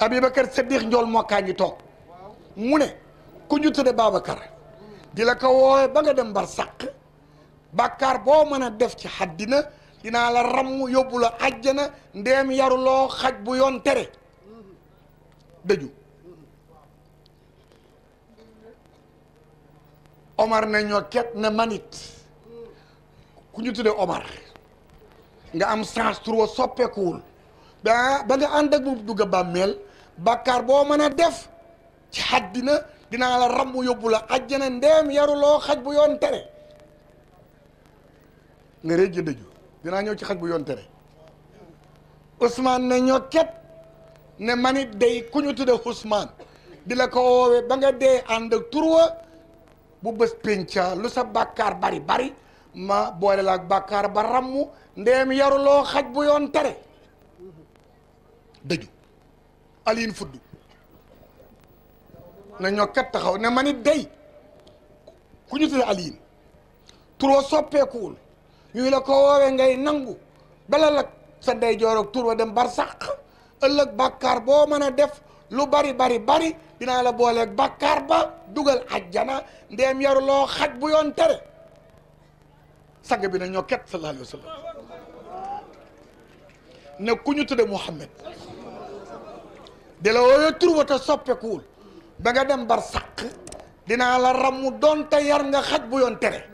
Aboubacar Saddiq Njool Mokkaa ngi toog mu ne ku ñu tudde Babacar di la ko woowe ba nga dem bar sàq bàkkaar boo mën a def ci dina dinaa la ramm yóbbu la àjjana ndeem yaruloo xaj bu yoon tere dëju Omar ne ñoo ne manit ku ñu tudde Omar nga am chance tur soppeekuwul ba ah, ba nga ànd ak moom dugg a bàmmeel bàkkaar boo mën a def ci àddina dinaa la rammu yóbbu la àjjana ndem yaruloo xaj bu yoon tere nga rëy jënd dinaa ñëw ci xaj bu yoon tere Ousmane ne ñoo ket ne manit day ku ñu tudde Ousmane di la ko woowee ba nga dee ànd ak turwa bu bés pénca lu sa bàkkaar bari bari ma boole la ak bàkkaar ba rammu ndeem yaruloo xaj bu yoon tere dëju Alioune fudd na ñokkat taxaw ne man it day ku ñu tudde Alioune turoo soppeekuwul ñuy la ko woowee ngay nangu belal ak sa day jooroog tur wa dem bar sàq ëllëg bàkkaar boo mën a def lu bari bari bari dinaa la booleeg bàkkaar ba dugal ajjana ndeem loo xaj bu yoon tere sang bi na ñokkat sallallahu alayhi wa sallam ne ku ñu tudde Muhammad di la wooyo turwa te soppekuwul ba nga dem bar sàq dinaa la rammu doonte yar nga xaj bu yoon tere